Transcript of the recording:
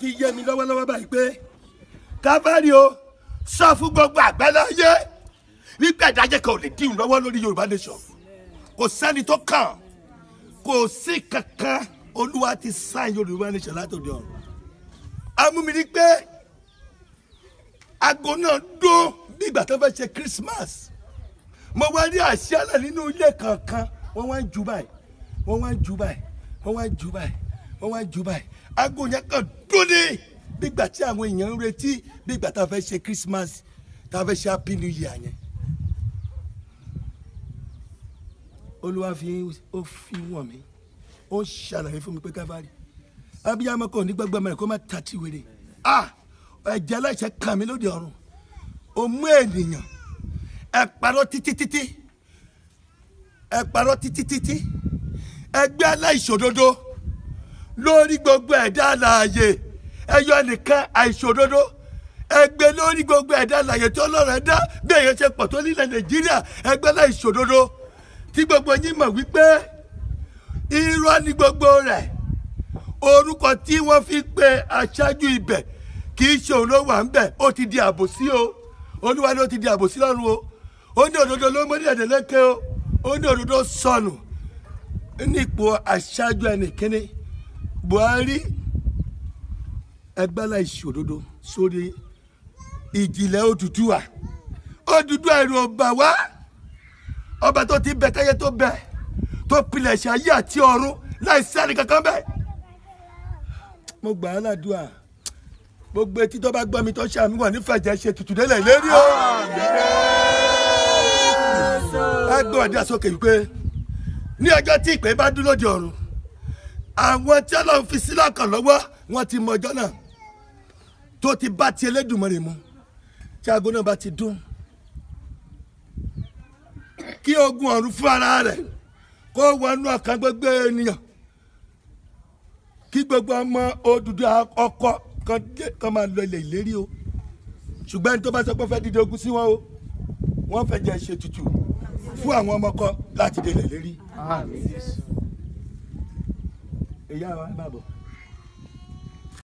fi yé mi lọ́wọ́lọ́wọ́ báyìí pé kábàárì o sọ fún gbogbo àgbáláyé wípé ìdájẹ́ kan ò lè dìrùn lọ́wọ́ lórí Yorùbá nation kò sẹ́ni tó kàn kò sí kankan olúwa ti sáìn Yorùbá nation látòdì ọ̀run amúmiri pé aago náà dún bí ìgbà tó fẹ́ ṣe Christmas mo wá rí àṣẹ àlà nínú ilé kankan wọ́n wá ń ju báyìí wọ́n wá ń ju báyìí wọ́n wá ń ju báyìí wọ́n wá jù báyìí aago yẹn kàn dún ní nígbà tí àwọn èèyàn ń retí nígbà tá a fẹ́ ṣe Christmas tá a fẹ́ ṣe happy new year yẹn. olúwa fi ó fi wọ̀n mi ó ń ṣàlàyé fún mi pé káfárì abiyamọ kò ní gbàgbọ́ mẹ́rin kó má ta ti wèrè ẹ̀jẹ̀ aláìṣẹ̀ kàn mí lóde ọ̀run ó mú ènìyàn ẹ parọ́ títí ẹ parọ́ títí títí aláìṣòdodo. lórí gbogbo ẹ̀dá àlàyé ẹyọ nìkan àìṣòdodo ẹgbẹ́ lórí gbogbo ẹ̀dá alààyè tó lọ́rọ̀ ẹ̀dá bí èyàn ṣe pọ̀ tó nílẹ̀ nàìjíríà ẹgbẹ́ láìṣòdodo tí gbogbo yín mọ̀ wípé irọ́ ni gbogbo rẹ̀ orúkọ tí wọ́n fi pe aṣáájú ibẹ̀ kì í ṣe òun ló wà ń bẹ̀ ó ti di àbòsí o olúwa ló ti di àbòsí lọ́rùn o ó ní òdodo ló mọ́ ní ẹ̀dẹ̀lẹ́kẹ́ o ó ní òdodo sọnù nípò aṣáájú ẹnìkíní. buhari ẹgbẹ́lá ìṣòdodo sórí ìjìnlẹ̀ Odùduwà Odùduwà ẹ̀rù ọba wá ọba tó ti bẹ káyé tó bẹ tó pilẹ̀ ṣe ayé àti ọ̀run láì sẹ́ni kankan bẹ́ẹ̀. mo gbà á ládùúà gbogbo etí tó bá gbọ́ mi tó ṣàmì wà nífẹ̀jẹ̀ ṣe tutù délẹ̀ lérí o. ẹ gbọ́ ọ̀dà wípé ní ọjọ́ tí ìpè bá dúró de ọ̀run àwọn tí Ọlọ́run fi sí lọ́kàn lọ́wọ́ wọn ti mọ ọjọ́ náà tó ti bá ti Elédùmarè mu tí aago náà bá ti dún kí ogun ọ̀run fún ara rẹ̀ kó wọnú ọkàn gbogbo ènìyàn kí gbogbo ọmọ Odùduwà ọkọ kan máa lọ ilẹ̀ ìlérí o ṣùgbọ́n ẹni tó bá sọ pé fẹ́ dídí ogun sí wọn o wọ́n fẹ́ jẹ́ ṣètùtù fún àwọn ọmọ kan láti délẹ̀ lérí. Àmín. Yeah, wa bàbọ̀.